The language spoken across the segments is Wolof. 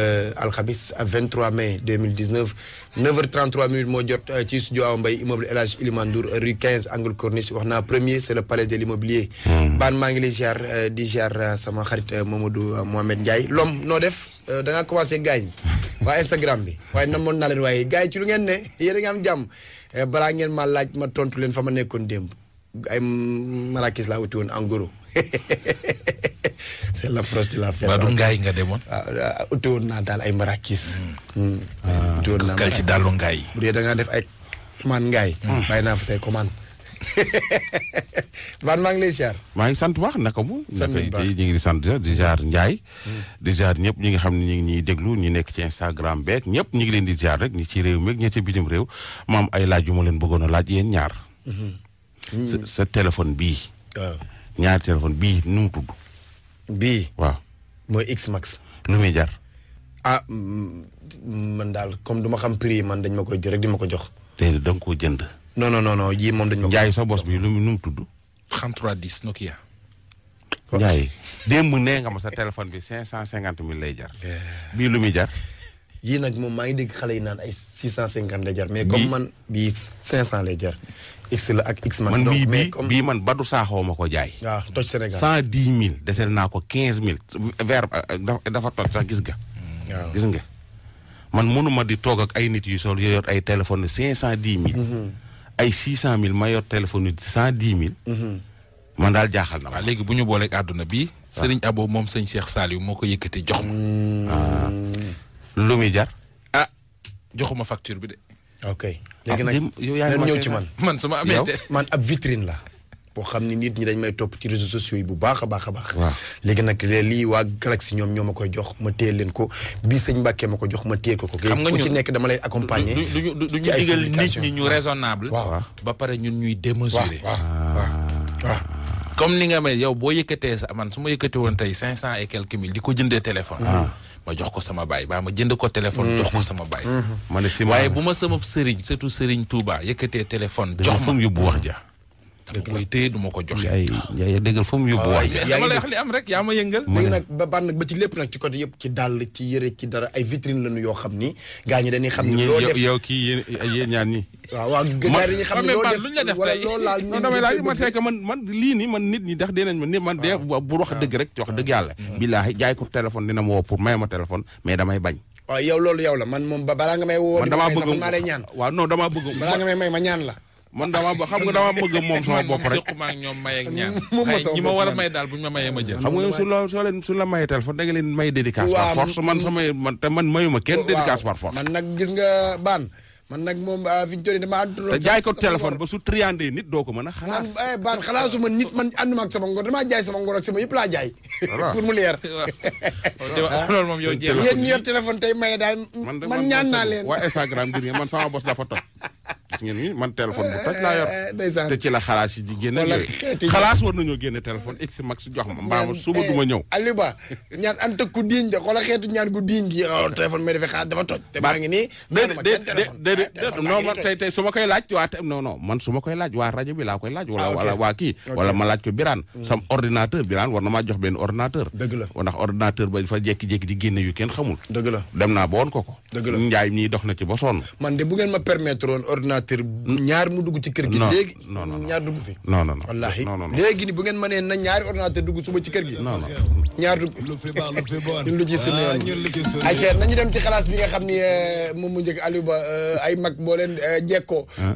Euh, alxamis 23 mai 2019 9h33 minutes moo jot euh, ci studio Awa Mbaye immeuble El Hadj Iliman Ndour rue 15 angle wax naa premier c'est le palais de l'immobilier hmm. baan maa ngi lay ziar euh, di ziar sama xarit Mamadou Mohamed Ndiaye l'homme noo def da ngaa commencé gaañ waaye Instagram bi waaye moon na leen waaye gars ci lu ngeen ne yéen a ngi am jàmm balaa ngeen ma laaj ma tontu leen fa ma nekkoon démb ay marakis laa uti woon en gros c'est l'approche de la ngaay nga demoon. Ah, ah uti woon naa daal ay marakis. Hmm. Hmm. ah kàl ci daalu ngaay. bu dee da def ay commande ngaay. Hmm. bàyyi naa fa say commande. man maa ngi lay ziar. maa ngi sant bu baax naka mu. sant nañu baax ñu ngi sant di ziar Ndiaye. di ziar ñëpp ñi nga xam ne ñu ngi ñuy déglu ñu nekk ci Instagram ñëpp ñu ngi leen di ziar rek ñi ci réew mi ñi ci bitim réew ma ay laaj yu ma leen bëggoon a laaj yéen ñaar. sa téléphone bii. ñaari téléphone bii nu mu tudd. bii. waaw mooy X max. lu muy jar. ah man daal comme du ma xam prix man dañ ma koy di ma ko jox. déedéet da jënd. non non non non yii moom dañ ma ko. jaay sa bos bi lu mu nu mu tudd. 3310 Nokia. Ndiaye démb nee nga ma sa téléphone bi cinq cent cinquante mille lay jar. Eh. bii lu muy jar. yii nag moom maa ngi dégg xale yi naan ay six cent cinquante lay jar. mais comme man bii cinq cent lay jar. x la ak x max. man bii bii bii man Badou Sakho ma ko jaay. waaw toj Sénégal cent dix mille desel naa ko quinze mille vers euh, dafa toj sax gis ga hmm, gis nga man mënuma di toog ak ay nit yu sol yoo yor ay téléphones cinq cent dix mille. Hmm. ay six cent mille ma yor téléphone yu cent dix mille. Hmm. man daal jaaxal na ma. léegi bu ñu booleeg àdduna bi. Serigne Abo moom sëñ Cheikh Saliou moo ko yëkkati jox ma. Ah. lu muy jar. ah joxuma facture bi de. léegi nag yow yaa ngi ñëw ci man man su ma amee man ab vitrine la. boo xam ni nit ñi dañ may topp ci réseaux sociaux yi bu baax a baax a baax. léegi nag lii waa Galaxy ñoom ñoo ma koy jox ma téye leen ko bii sëñ Mbàkke ma ko jox ma téye ko ko. xam nga ñun ci nekk dama lay accompagner. ci ay du ñu digal nit ñi ñu raisonnable. waaw ba pare ñun ñuy démesuré. waa waa comme ni nga may yow boo yëkkatee sa man su ma yëkkatee woon tey cinq cent et quelques mille di ko jëndee téléphone. Ah. ma jox ko sama baay baa ma jënd ko téléphone. jox ko sama baay. Mm-hmm. Mm-hmm. ma ne si waaye bu ma sama sëriñ surtout sëriñ Touba yëkkatee téléphone. jox ma yóbbu wax ja. dëgg la koy téye du ma ko joxe. yaay yaay dëggal fa mu yóbbu waay. dama lay wax li am rek yaa ma yëngal. léegi nag ba ban nag ba ci lépp nag ci côté yëpp ci dàll ci yëre ci dara ay vitrine lañu yoo xam ni. gaa ñi dañuy xam ni loo def yow kii yéen yéen ñaan ñi. waaw waaw gaa ñi dañuy xam ne loo def wala loo laal nit ñi damay laaj ma seeka man man lii nii man nit ñi ndax dinañ ma nit man de bu wax dëgg rek wax dëgg yàlla. billaahi jaay ko téléphone dina ma woo pour may ma téléphone mais damay bañ. waaw yow loolu yow la man moom balaa nga may woo. man damaa bëgg maa lay ñaan. waaw non damaa bëgg. balaa nga may may ma ñaan la man dama xam nga dama bëgg moom sama bopp rek sequma ak ñoom may ak ñaan ñi ma war a may daal ma mayee ma jël xam nga su la la mayee téléphone da leen may dédicace par force man samay man man mayuma kenn dédicace par force man nag gis nga baan man nag moom ah, fi ñu toll dama jaay ko téléphone ba su triandé nit doo ko mën a xalaas eh, baan xalaasu man nit man ànduma ak sama ngor damaa jaay sama ngor ak ma yëpp laa jaay pour mu leer loolu moom yow yéen ñi yor téléphone tey maye daal man ñaan naa leen waa Instagram gis nga man sama bos dafa toj gis ngeen ni man téléphone bu toj laa yor. Eh, eh, ndeysaan te ci la xalaas yi di génne. wala téléphone x max jox ma mbaa ma suba eh, du ma ñëw. Aliou Ba ñaan anta ku diiñ de xoolal xeetu ñaan gu diiñ gi oh, téléphone ma defee maa ngi nii ma kenn téléphone déedéet déedéet ah, non man tey tey su ma koy laaj waa non non man su ma koy laaj waa rajo bi laa koy laaj. wala ah, wala waa kii wala ma laaj ko Birane. Mm. sam ordinateur Birane war na maa jox benn ordinateur. dëgg la ndax ordinateur ba dafa jékki-jékki di génne yu kenn xamul. dëgg la naa ba ko ko. dëgg la njaay mii dox na ci ba man de bu ma permettre woon ordinateur ñaar mu dugg ci kër gi. léegi ñaar dugg fi. non non non wallaahi léegi ni bu ngeen mënee na ñaari ordinateur dugg suba ci kër gi. non non ñaar dugg. lu fi ba lu fi bon ñun lu ci sunu yoon. ayca nañu dem ci xalaas bi nga euh, Ba euh, ay mag boo leen euh, jekkoo. Ah.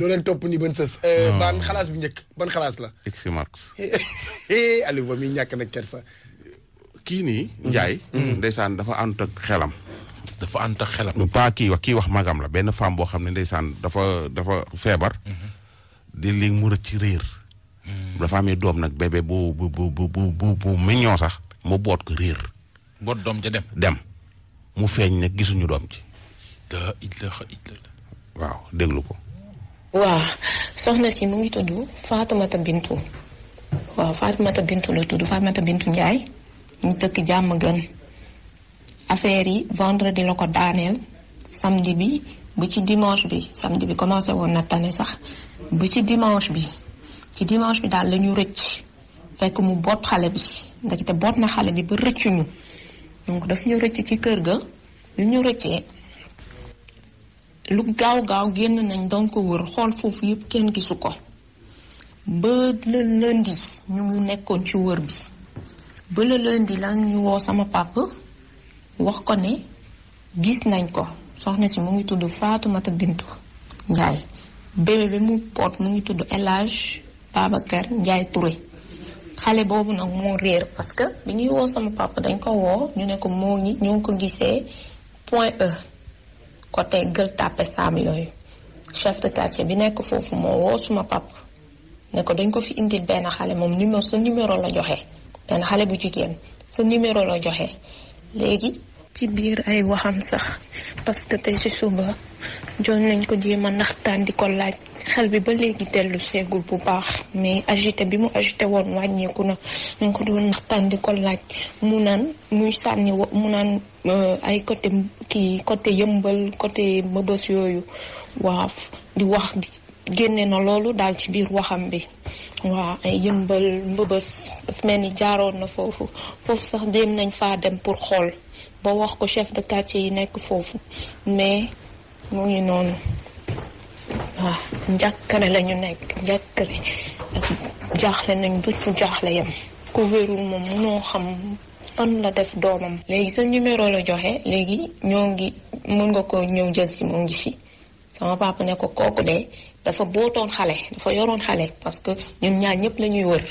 la. X Max. Aliou Ba mi ñàkk nag kersa. kii nii. Ndiaye. Mm-hmm. ndeysaan dafa ànd ak xelam. dafa ànd ak xelam. pas kii wax wax magam la benn femme boo xam ne ndeysaan dafa dafa feebar. Mhm. di léegi mu ci réer. Mhm. dafa amee doom nag bébé bu bu bu bu bu bu sax mu boot ko réer. boot doom ja dem. dem mu feeñ ne gisuñu doom ji. daa ilaha illallah. waaw déglu ko. waaw soxna si mu ngi tudd Fatoumata Bintu waaw Fatoumata Bintu la tudd Fatoumata Bintu Ndiaye ñu dëkk jàmm gën. affaire yi vendredi la ko daaneel samedi bi bu ci dimanche bi samedi bi commencé woon na tane sax bu ci dimanche bi ci dimanche bi daal la rëcc fekk mu boot xale bi ndaxte boot na xale bi ba rëccuñu donc daf ñu rëcc ci kër ga lu ñu rëccee lu gaaw gaaw génn nañ doon ko wër xool foofu yëpp kenn gisu ko ba le lundi ñu ngi nekkoon ci wër bi ba le lundi la ñu woo sama papa. wax ko ne gis nañ ko soxna si mu ngi tudd Faatumata Bintu Njaay bébé bi mu poot mu ngi tudd El Hadj Babacar Njaay Touré xale boobu nag moo réer parce que bi ñuy woo sama papa dañ ko woo ñu ne ko moo ngi ñoo ngi ko gisee point E côté Gueule Tapée Sam yooyu chef de quartier bi nekk foofu moo woo suma papa ne ko dañ ko fi indil benn xale moom ni numéro sa numéro la joxe benn xale bu jigéen sa numéro la joxe léegi ci biir ay waxam sax parce que tey ci suba joon nañ ko jéem a naxtaan di ko laaj xel bi ba léegi dellu seegul bu baax mais agité bi mu agité woon wàññeeku na ñu ngi ko doon naxtaan di ko laaj mu naan muy sànni mu naan euh, ay côté kii côté yëmbal côté mëbës yooyu waaf di wax di génne na loolu daal ci biir waxam bi waa ay yëmbal mbëbës mel ni jaaroon na foofu foofu sax dem nañ faa dem pour xool ba wax ko chef de quartier yi nekk foofu mais mu ngi noonu waaw njàkkare la ñu nekk njàkkare jaaxle nañ ba fu jaaxle yam ku wérul moom munoo xam fan la def doomam léegi sa numéro la joxe léegi ñoo ngi mën nga ko ñëw jël si mu ngi fii sama papa ne ko kooku de dafa bootoon xale dafa yoroon xale parce que ñun ñaar ñëpp lañuy ñuy wër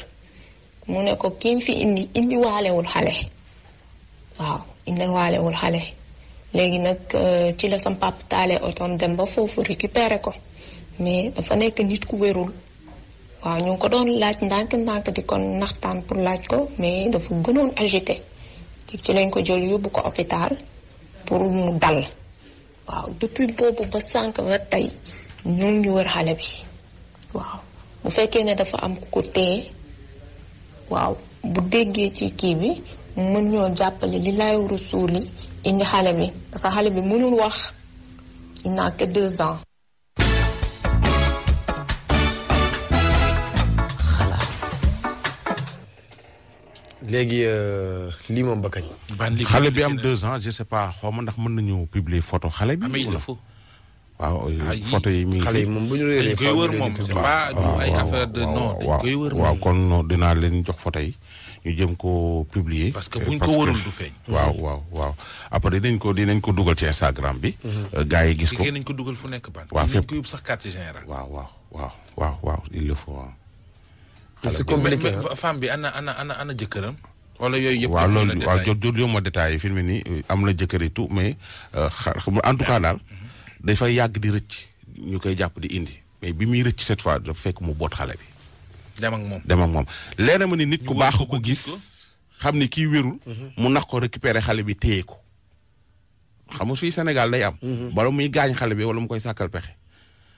mu ne ko kiñ fi indi indi waalewul xale waaw indi waalewul xale léegi nag euh, ci la sam papa taalee dem ba foofu récupérer ko mais dafa nekk nit ku wérul waaw ñu ngi ko doon laaj ndànk-ndànk di kon naxtaan pour laaj ko mais dafa gënoon agité ci lañ ko jël yóbbu ko hôpital pour mu dal waaw depuis boobu ba sànq ba tey ñoom ñu wër xale bi waaw bu fekkee ne dafa am ku ko téye waaw bu déggee ci kii bi mën ñoo jàppale li laay rusuuli indi xale bi parce que xale bi mënul wax inaa n'a que deux ans léegi euh, lii moom ba kañ. xale bi am deux ans je sais pas xaw ma ndax mën nañu publier photo xale bi. amee ah, waaw ah, euh, photo yi mi xale yi moom bu ñu réeree koy wër moom c'est pas dinaa leen jox photo yi ñu jëm ko publier. parce que buñ ko wërul du feeñ. waaw waaw waaw après dinañ ko dinañ ko dugal ci Instagram bi. Mhm. Euh, gars yi gis ko liggéey nañ ko dugal fu nekk ban. waaw fépp dinañ ko yóbbu sax quartier général. waaw waaw waaw waaw waaw il le faut waaw. c'est compliqué femme bi ana ana ana ana jëkkëram. wala yooyu yëpp waaw loolu waaw jot jot yombal détail yi film ni am na jëkkër tout mais en tout cas daal dafay yàgg di rëcc ñu koy jàpp di indi mais bi muy rëcc cette fois dafa fekk mu boot xale bi. dem ak moom dem moom leena ma ni nit ku baax ko gis xam ni kii wérul mu nax ko récupérer xale bi téye ko xam nga fii Sénégal day am. bala muy gaañ xale bi wala mu koy sàkkal pexe.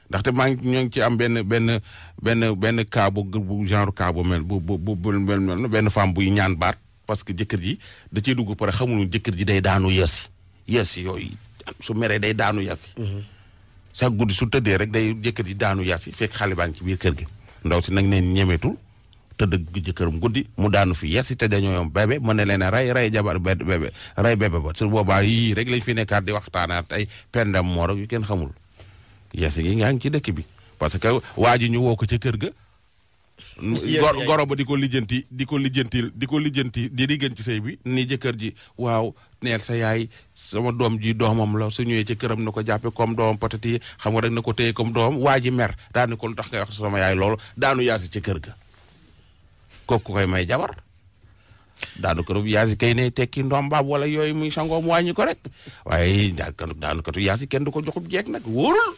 ndaxte maa ngi ñoo ngi ci am benn benn benn benn cas bu bu genre cas bu mel bu bu bu mel benn femme buy ñaan baar parce que jëkkër ji da ciy dugg pare xamul jëkkër ji day daanu yees yees yooyu su meree day daanu yees. sa mhm. guddi su tëddee rek day jëkkër ji daanu yees fekk xale baa ci biir kër gi. ndaw si nag neen ñemeetul tëdd jëkkër guddi mu daanu fi yees te dañoo yom bébé mën na leen a rey rey jabar bébé rey bébé ba su boobaa yii rek lañ fi nekkaat di waxtaanaat ay pendam moor yu kenn xamul. yees gi ngaa ngi ci dëkk bi parce que waa ji ñu woo ko ca kër ga. goro ba di ko lijjanti di ko lijjanti di ko lijjanti di di ci sëy bi ni jëkkër ji waaw neel sa yaay sama doom ji doomam la su ñëwee ci këram na ko jàppe comme doomam patati xam nga rek na ko téye comme doomam waa ji mer daanu ko lu tax ngay wax sama yaay loolu daanu yaasi ci kër ga kooku koy may jabar daanu ko yaasi kay ne tekki ndombaab wala yooyu muy sangoom wàññi ko rek waaye daanu ko yaasi kenn du ko joxub jeeg nag wóorul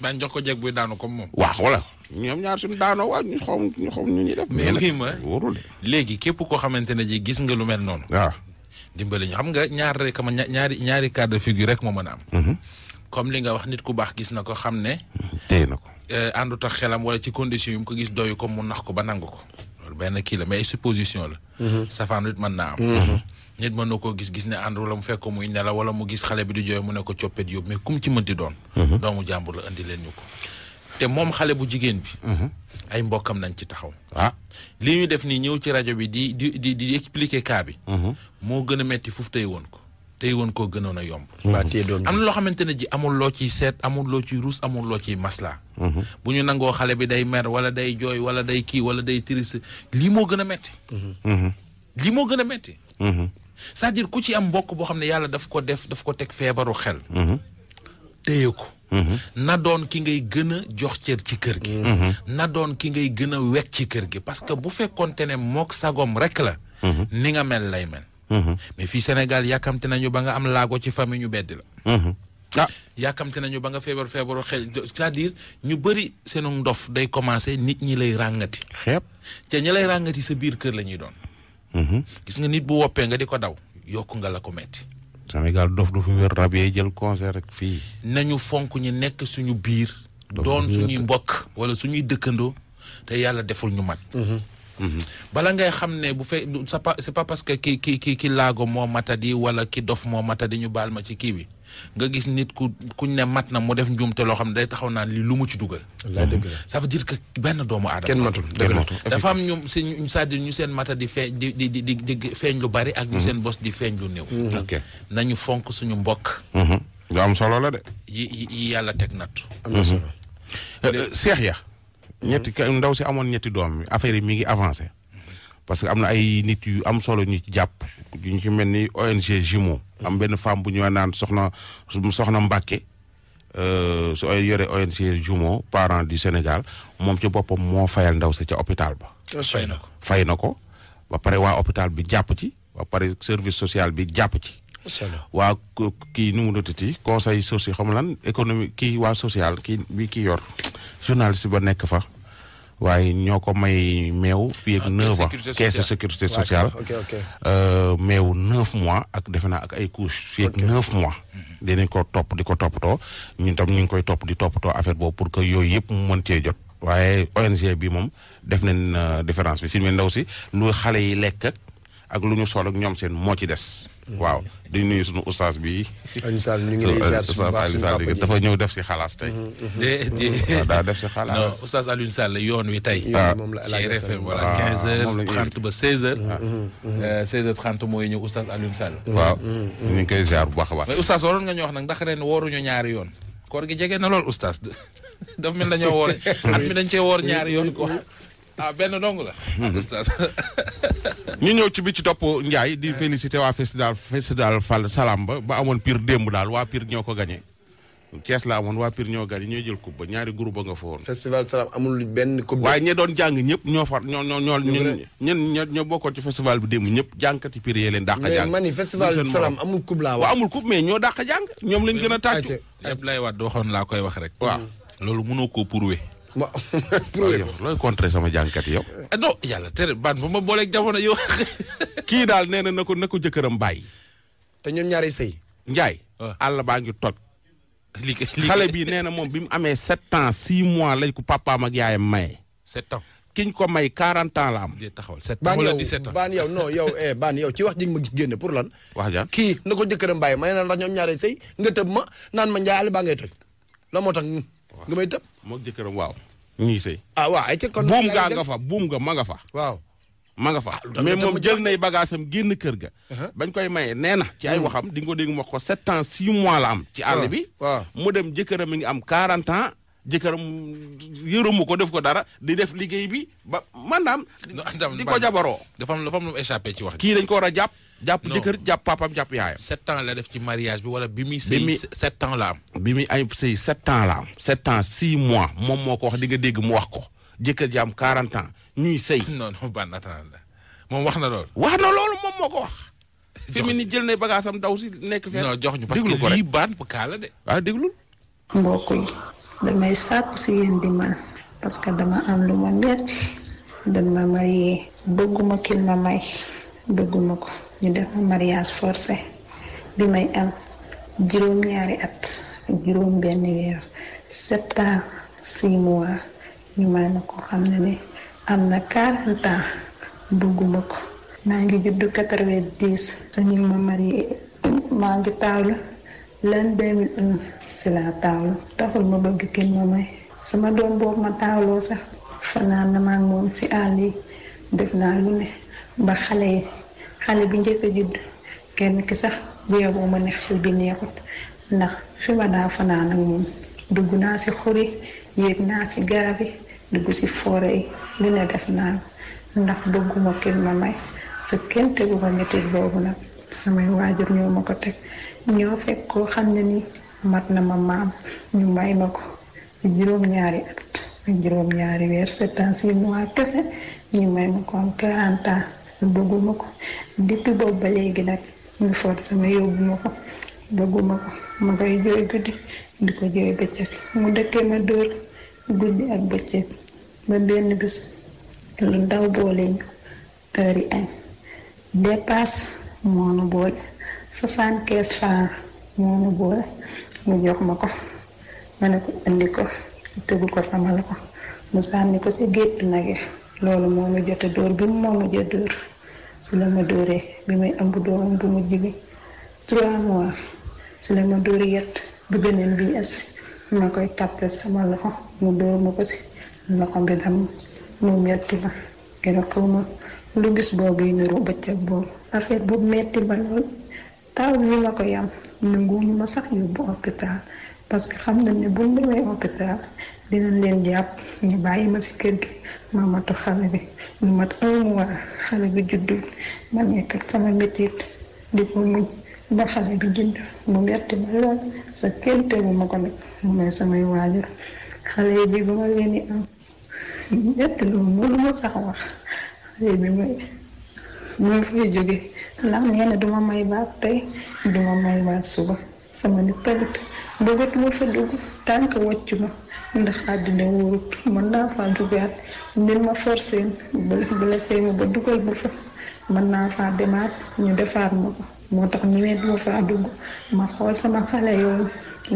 daañu jox ko jeg buy daanu comme moom. waaw voilà ñoom ñaar suñu daanoo waa ñu xaw ñu ñu def. mais léegi léegi képp koo xamante ne ji gis nga lu mel noonu. waaw ah. dimbali ñu xam nga ñaar rek ma ñaari ñaari cas de figure rek moo mën a am. Mhm. comme li nga wax nit ku baax gis na ko xam ne. tey na ko eh, àndut ak xelam wala ci condition yi mu ko gis doyu ko mu nax ko ba nangu ko loolu benn kii la mais supposition la. Mhm. safaan nit mën naa am. Mhm. nit mën na koo gis gis ne ànd wala mu fekk muy nelaw wala mu gis xale bi di jooy mu ne ko coppet yóbbu mais kum ci mënti doon. Mhm. doomu jàmbur la indi leen ñu ko. te moom xale bu jigéen bi. Mhm. ay mbokkam nañ ci taxaw. ah li ñu def nii ñëw ci rajo bi di di di di expliquer cas bi. Mhm. moo gën a metti fuuf tey woon ko tey woon koo gënoon a yomb. am na loo xamante ne ji amul loo ciy seet amul loo ciy ruus amul loo ciy maslaa. bu ñu nangoo xale bi day mer wala day jooy wala day kii wala day triste lii moo gën a metti. lii moo gën a metti. cest ku ci am mbokk boo xam ne yàlla daf ko def daf ko teg feebaru xel. Mhm. téye ko. Mhm. na doon ki ngay gën a jox cër ci kër gi. Mhm. na doon ki ngay gën a wekk ci kër gi parce que bu fekkoonte ne mook sagoom rek la. ni nga mel lay mel. mais fii Sénégal yàkkamte nañu ba nga am laago ci famille ñu beddi la. ah yàkkamte nañu ba nga feebar feebaru xel cest ñu bëri seenu ndof day commencé nit ñi lay ràngati. xeeb te ñi lay ràngati sa biir kër la ñuy doon. Mhm. gis nga nit bu woppee nga di ko daw yokku nga la ko metti Sénégal dof du fi wér rab yee jël concert rek fii. nañu fonk ñu nekk suñu biir. doon suñuy mbokk wala suñuy dëkkandoo te yàlla deful ñu mat. Mhm. bala ngay xam ne bu fekk c' est pas pas parce que ki ki ki ki laago moo matadi wala ki dof moo matadi ñu baal ma ci kii bi nga gis nit ku kuñ ne mat na mu def njuumte loo xam ne day taxaw naa li lu mu ci dugal. ça veut dire que benn doomu aadama. kenn matul dafa am ñoom seen cest ñu seen matadi feeñ di di di di feeñ lu bari. ak mhm. seen bos di feeñ lu néew. Mhm. ok nañu fonk suñu mbokk. Mhm. lu am solo la de. yi yi yàlla teg natt. am na solo. Euh, euh, ya ñetti ndaw si amoon ñetti doom affaire yi mi ngi avancé parce que am na ay nit yu am solo ñu ci jàpp ñu ci mel ni ONG Jumeaux am benn femme bu ñu naan soxna soxna Mbàkke euh, su yore ONG Jumeaux parent du Sénégal moom ci boppam moo fayal ndaw si ca hôpital ba. fay na fay na ko ba pare waa hôpital bi jàpp ci ba pare service social bi jàpp ci. waa kii nu mu dootati conseil social xam lan économie ki waa social kii bi kii yor journaliste ba nekk fa waaye ñoo ko may meew fii ak ah, neuf ans caisse sécurité sociale euh, meew neuf mois ak defe naa ak ay couche fii ak neuf mois mhm. dinañ ko topp di ko toppatoo ñun tam ñu ngi koy topp di toppatoo affaire boobu pour que yooyu yëpp mu mën cee jot waaye ONG bi moom def nañ euh, différence bi fi mu ndaw si lu xale yi lekk ak lu ñu sol ak ñoom seen moo ci des waaw di nuyu sunu ustaas bi. Alioune Sall ñu ngi lay ziar dafa ñëw def si xalaas tey. Mm-hmm, mm-hmm. daa def si xalaas. non ustaas Alioune Sall yoon wi tey. moom la ci RFM voilà 15h30 ba 16h. Mm-hmm, euh, 16h30 mooy ñëw ustaas Alioune Sall. waaw ñu ngi koy ziar bu baax a baax. mais ustaas waroon nga ñu wax nag ndax ren wooruñu ñaari yoon. koor gi jege na lool ustaas daf mel dañoo woore at mi dañ cee woor ñaari yoon quoi. Ah, benn dong la. Hmm. Ah, ñu ñëw ci bi ci topp Ndiaye di eh. félicité waa festival festival Fal salaam ba ba amoon piir démb daal waa Pire ñoo ko gagné. Cees la amoon waa Pire ñoo gagné ñoo jël coupe ba ñaari groupe ba nga fa woon. festival Salam amul benn waaye ñi doon jàng ñëpp ñoo far ñoo ñoo ñoo ñoo ñoo bokkoon ci festival bi démb ñëpp jàngkati Pire yee leen dàq jàng. mais mani festival Salam amul coupe laa wax. amul coupe mais ñoo dàq jàng ñoom lañ gën a tàccu. lépp lay waat waxoon laa koy wax rek. waaw loolu mënoo koo prouvé. waaw problème yow looy contrer sama jànkat yow. Eh, non yàlla tere ban bu ma booleeg jamono yow. kii daal nee na na ko na ko jëkkëram bàyyi. te ñoom ñaari sëy. Ndiaye. Ah. àll baa ngi toj. xale bii nee na moom bi mu amee sept ans six mois lañ ko papaam ak yaayam maye. sept ans kiñ ko may quarante ans la am. di taxawal sept ans wala dix-sept ans baan yow non yow eh baan yow ci wax ji ma gi génne pour lan. wax jaan kii na ko jëkkëram bàyyi ma na ndax ñoom ñaari sëy nga tëb ma naan ma Ndiaye àll baa ngay toj la moo tax nga may tëb. moog jëkkëram waaw. ñu ngi sëy. ah waaw ay kon buum gaa nga fa buum nga ma nga fa. waaw ma nga fa. Ah, mais moom jël nay bagage am génn kër ga. Uh-huh. bañ koy maye nee na. ci ay hmm. waxam di nga ko dégg wax ko sept ans six mois la am. ci àll ah, bi mu dem jëkkëram mi ngi am quarante ans. jëkkëram yërëmu ko def ko dara di def liggéey bi ba maanaam. di ko jabaroo. dafa am lu échappé ci wax. kii dañ ko war a jàpp. jàpp jëkkër jàpp papaam jàpp yaayam. sept ans la def ci mariage bi wala bi muy. bi muy sëy sept ans la am. bi muy ay sëy sept la am. sept ans six mois moom moo ko wax di dégg mu wax ko jëkkër ji am quarante ans ñuy sey non non ban attendre moom wax na loolu. wax na loolu moom moo ko wax. jox fi jël na bagage am daw si nekk fee. non jox ñu parce que lii baan bu de. waaw ah, déglul. mbokk yi damay sàpp si yéen di man parce que dama am lu ma metti dama marié bëgguma kil ma may bëgguma ko. ñu def ma mariage forcé bi may am juróom-ñaari at ak benn weer sept ans ñu may ma ko xam ne ni am na quarante ans bëgguma ko maa ngi juddu quatre-vingt-dix sañu ma marié maa ngi taawlu lan 2001 si laa taawlu taxul ma bëgg kenn ma may sama doom boobu ma taawloo sax fanaan na maa ngi moom si àll yi def naa lu ne ba xale yi xale bi njëkk a judd kenn ki sax bu yeboo ma ne xel bi neexut ndax fi daa fanaan ak moom dugg naa ci xori yéeg naa ci garab yi dugg ci forêt yi lu ne def naa ndax bëgguma kenn ma may sa kenn tegu ma metit boobu nag samay waajur ñoo ma ko teg ñoo fekk koo xam ne ni mat na ma maam ñu may ma ko ci juróom-ñaari at ak ñaari weer sept ans six mois kese ñu may ma ko am 40 ans bëgguma ko depuis boobu ba léegi nag ñu for sama yóbbu ko bëgguma ko ma koy jooy guddi di ko jooy bëccëg mu dëkkee ma dóor guddi ak bëccëg ba benn bis lu ndaw boole ñu moo nu boole mu jox ma ko ma ne ko indi ko tëggu ko sama loxo mu sànni ko si gétt nag loolu moom ma jot a dóor bi mu moo ma jot dóor si la ma dóoree bi may am bu doomam bu mujj bi trois mois si la ma dóor yet bi beneen bi es ma koy capté sama loxo mu dóor ma ko si loxo bi dam mu metti ma keroog xaw ma lu gis boobu yi niru bëccëg boobu affaire bu metti ma lool taw bi ma ko yam nanguwuñu ma sax yóbbu hôpital parce que xam na ni bu ñu hôpital dinañ leen jàpp ñu bàyyi ma ci kër gi ma xale bi mat un mois xale bi juddu ma nekk sama métit di ko muñ ba xale bi judd mu metti ma lool sa kente bu ma ko nag mu may samay waajur xale bi ba ma leen di am ñett la mënu ma sax wax xale bi may muy fay jóge ndax nee duma may baat tey duma may baat suba sama nit tamit bëggatuma fa dugg tànk wàccuma ndax àddina wóorut mën naa faa dugaat nin ma forcé bu la fay ma ba dugal ma fa mën naa faa demaat ñu defaat ma ko moo tax ñemeetuma faa dugg ma xool sama xale yooyu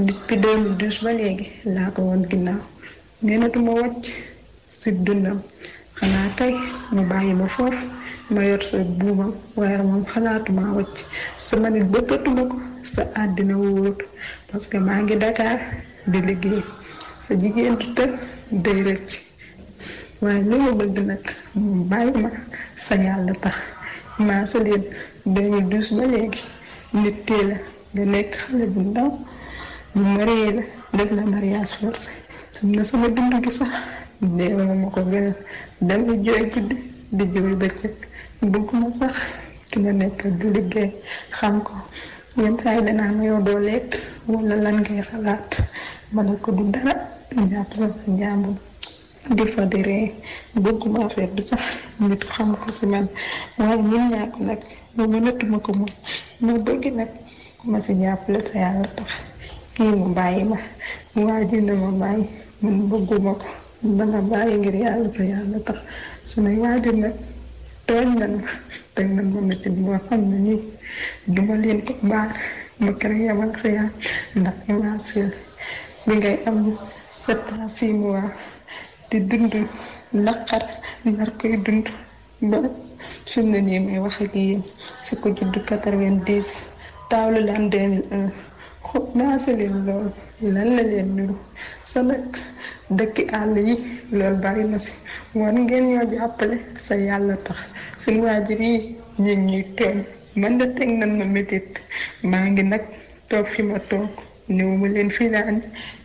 depuis 2012 ba léegi laa ko woon ginnaaw nenetuma wàcc si dundam xanaa tey mu bàyyi ma foofu ma yor sa buumam waaye moom xalaatuma wàcc sama nit bëggatuma ko sa àddina wóor parce que maa ngi Dakar di liggéey sa jigéen du tëdd day rëcc waaye li ma bëgg nag moom bàyyi ma sa yàlla tax maa sa leen 2012 ba léegi nit tee la nga nekk xale bu ndaw mu marié la def la mariage forcé sama dund gi sax deewee ma ko gënal damay jooy guddi di jooy bëccëg bëgguma sax ki ma nekk di liggéey xam ko yenn saa yi danaa ma yow doo lekk wala lan ngay xalaat ma ne ko du dara jàpp sama jàmbur di fa di ree bëgguma bi sax nit xam ko si man waaye ñun ñaa ko nag moom mënatuma ko moom moo bëgg nag ku ma si jàppale sa yàlla mu bàyyi ma waa ji na ma bàyyi duma leen ko baal ba keroog yamal xiyaam ndax émission bi ngay am sept à six mois di dund naqar nar koy dund ba fi mu ne nii may wax ak yéen ko judd quatre-vingt-dix taawlu laan deux mille un xob leen lool lan la leen niru sa nag dëkki àll yi loolu bari na si war ngeen yoo jàppale sa yàlla tax suñu waajur yi ñu ñuy tooñ man de teg nan ma métit maa ngi nag toog fi ma toog néew ma leen fi laan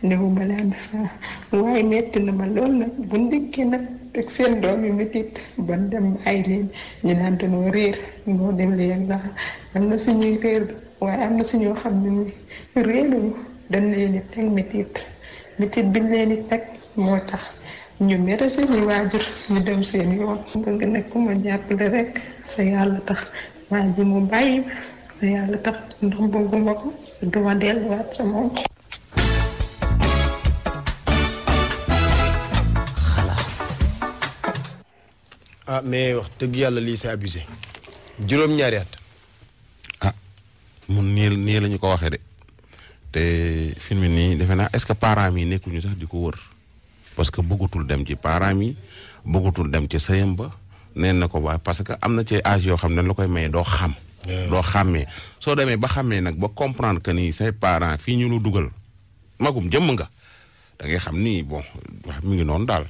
néew ma laan faa waaye metti na ma lool nag bu ndékkee nag teg seen doom yi métit ban dem ay leen ñu naan danoo réer noo leen ndax am na suñuy réer am na suñoo xam ne ni métit métit biñ leen di teg moo tax ñu mere seeni waajur ñu dem seen yoon bëgg nag ku ma jàppale rek sa yàlla tax waa ji mu bàyyi ma su ah, mais wax dëgg yàlla lii c'est abusé juróom-ñaari at. ah mun nii nii la ko waxee de te film nii defe naa est-ce que parents yi nekkuñu sax di ko wër parce que bëggatul dem ci parents yi bëggatul dem ci sëyam ba. neen na ko waa parce que am na ci âge yoo xam ne la koy maye doo xam. doo xàmmee soo demee ba xàmmee nag ba comprendre que ni say parents fii ñu dugal magum jëmm nga da ngay xam ni bon mi ngi noonu daal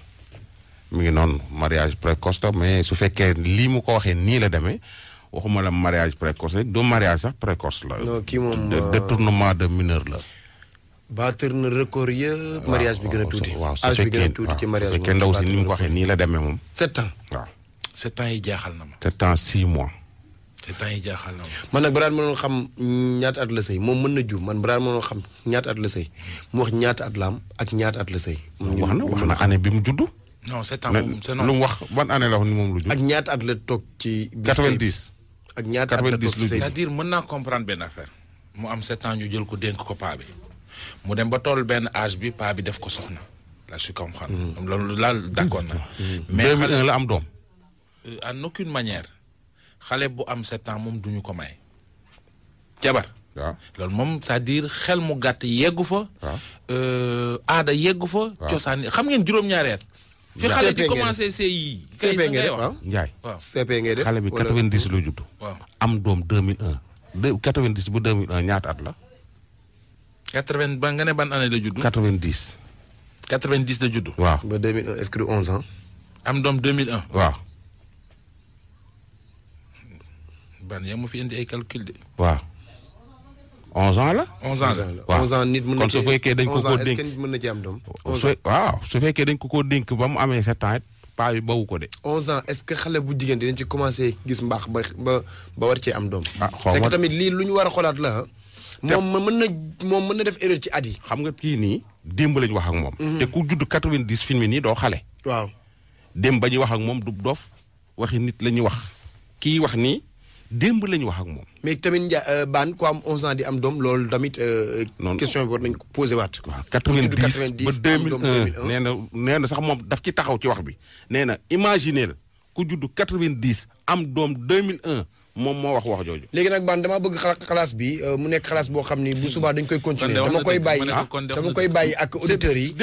mu ngi noonu mariage précoce mais su fekkee lii mu ko waxee nii la demee waxuma la mariage précoce rek du mariage sax précoce la. non kii moom euh, détournement de mineur la. baatar na record yëpp. mariage tuuti. waaw su fekkee waaw su ndaw si ni mu waxee nii la demee moom. sept sept ans yi jaaxal na ma. sept ans six mois. sept ans yi jaaxal na ma. man nag balaa mënoon xam ñaata at la sëy moom mën na juum man balaa mënoon xam ñaata at la sëy mu wax ñaata at la am ak ñaata at la sëy. wax na wax na année bi mu judd. non sept ans lu mu wax man année la wax moom lu judd. at la toog ci. biir sëy 90. ñaata at la mën naa comprendre affaire. mu am sept ans ñu jël ko dénk ko paa bi mu dem ba toll benn âge bi paa bi def ko soxna. la je comprends. Mm. loolu laal d'accord na. Mm. mais la am doom. Euh, en aucune manière xale bu am sept ans moom duñu ko may jabar ah. loolu moom sa à xel mu gàtt yeggu fa ah. euh, aada yeggu fa ah. cosaan xam ngeen juróom-ñaari at fi xale di commencé see yi CP ngay def waaw Ndiaye CP ngay def xale bi 90 la judd am doom 2001 de 90 bu ñaata at la 80 ba nga ne ban année la judd 90 90 la judd waaw ba 2001 est-ce que 11 ans am doom 2001 waaw ban yaa ma fi indi ay calcul de. waaw. 11 ans la. 11 ans la 11 ans nit mën na kon su fekkee dañ na ci am doom. waaw su fekkee dañ ko koo dénk ba mu amee sept ans it paa bi bawu ko de. 11 ans est-ce que xale bu jigéen dinañ ci commencé gis mbaax ba ba ba war cee am doom. ah c'est que tamit lii lu ñu war a xoolaat la ah. moom mën na moom mën na def erreur ci at yi. xam nga kii nii démb lañu wax ak moom. Mhm. te ku judd 90 film nii doo xale. waaw démb ba ñuy wax ak moom du dof waxi nit la ñuy wax kii wax nii démb lañu wax ak moom. mais tamit Ndiaye euh, baan ko am 11 ans di am doom loolu tamit. Euh, non question bi war nañ ko posé waat. waaw 90 ba 2001 nee na nee na sax moom daf ci taxaw ci wax bi nee na imaginer ku judd 90 am doom 2001. moom moo wax wax jooju léegi nag baan damaa bëgg xalaas bi euh, mu nekk xalaas boo xam ni bu subaa dañ koy continuer dama koy bàyyi dama koy bàyyi ak auditeurs yi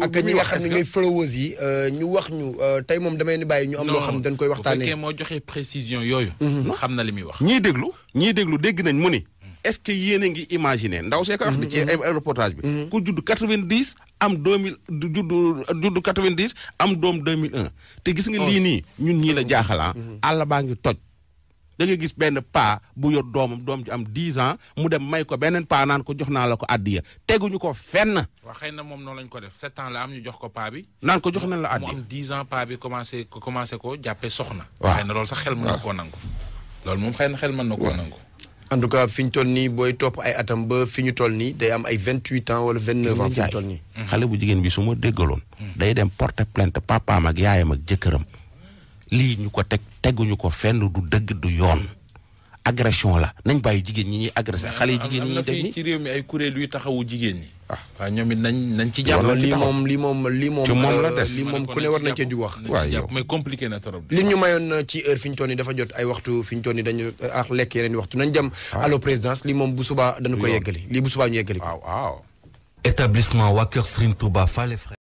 ak ñi nga xam ne ñooy followers yi euh, ñu wax euh, tey moom damay ni bàyyi ñu am loo xam ne dañ koy waxtaane moo joxee précision yooyu mhm. xam na li muy wax ñii déglu ñii déglu dégg nañ mu ni est-ce que yéen a ngi imaginer ndaw see ko wax ni ci mhm. reportage bi mhm. ku judd 90 am 2000 judd judd 90 am doom 2001 te gis nga lii nii ñun ñii la jaaxalaa ah. àll baa ngi toj da gis benn paa bu yor doomam doom ju am 10 ans mu dem may ko beneen paa naan ko jox naa la ko àddiya teguñu ko fenn. waaw xëy na moom noonu lañ ko def 7 ans la am ñu jox ko paa bi. naan ko jox nañ la àddiya mu am 10 bi commencé commencé ko jàppee soxna. waaw xëy na loolu sax xel mën na koo nangu. loolu moom xëy na xel mën na koo en tout cas fi ñu toll nii booy topp ay atam ba fi ñu toll nii day am ay vingt huit ans wala vingt neuf ans fi ñu toll nii. Mm-hmm. xale bu jigéen bi su ma déggaloon. Mm-hmm. day dem porter plainte papaam ak yaayam ak jëkkëram lii ñu ko teg teguñu ko fenn du dëgg du yoon agression la nañ bàyyi jigéen ñi ñuy agressé xale yi jigéen ñi ñuy def ni ci réew mi ay kuréel yu taxawu jigéen ñi. Ah. waaw ñoom nañ nañ ci jàpp. lii lii moom lii moom. ci moom la euh, des lii moom ku ne war nañ cee jug wax. waay mais compliqué na trop. li ñu mayoon euh, ci heure fi ñu toll nii dafa jot ay waxtu fi ñu toll nii dañu euh, ak lekk yeneen waxtu nañ jëm. waaw ah. allo présidence lii moom bu subaa dañu ko yeggali lii bu subaa ñu yeggali. waaw waaw. établissement Waa Kër Serigne Touba Fall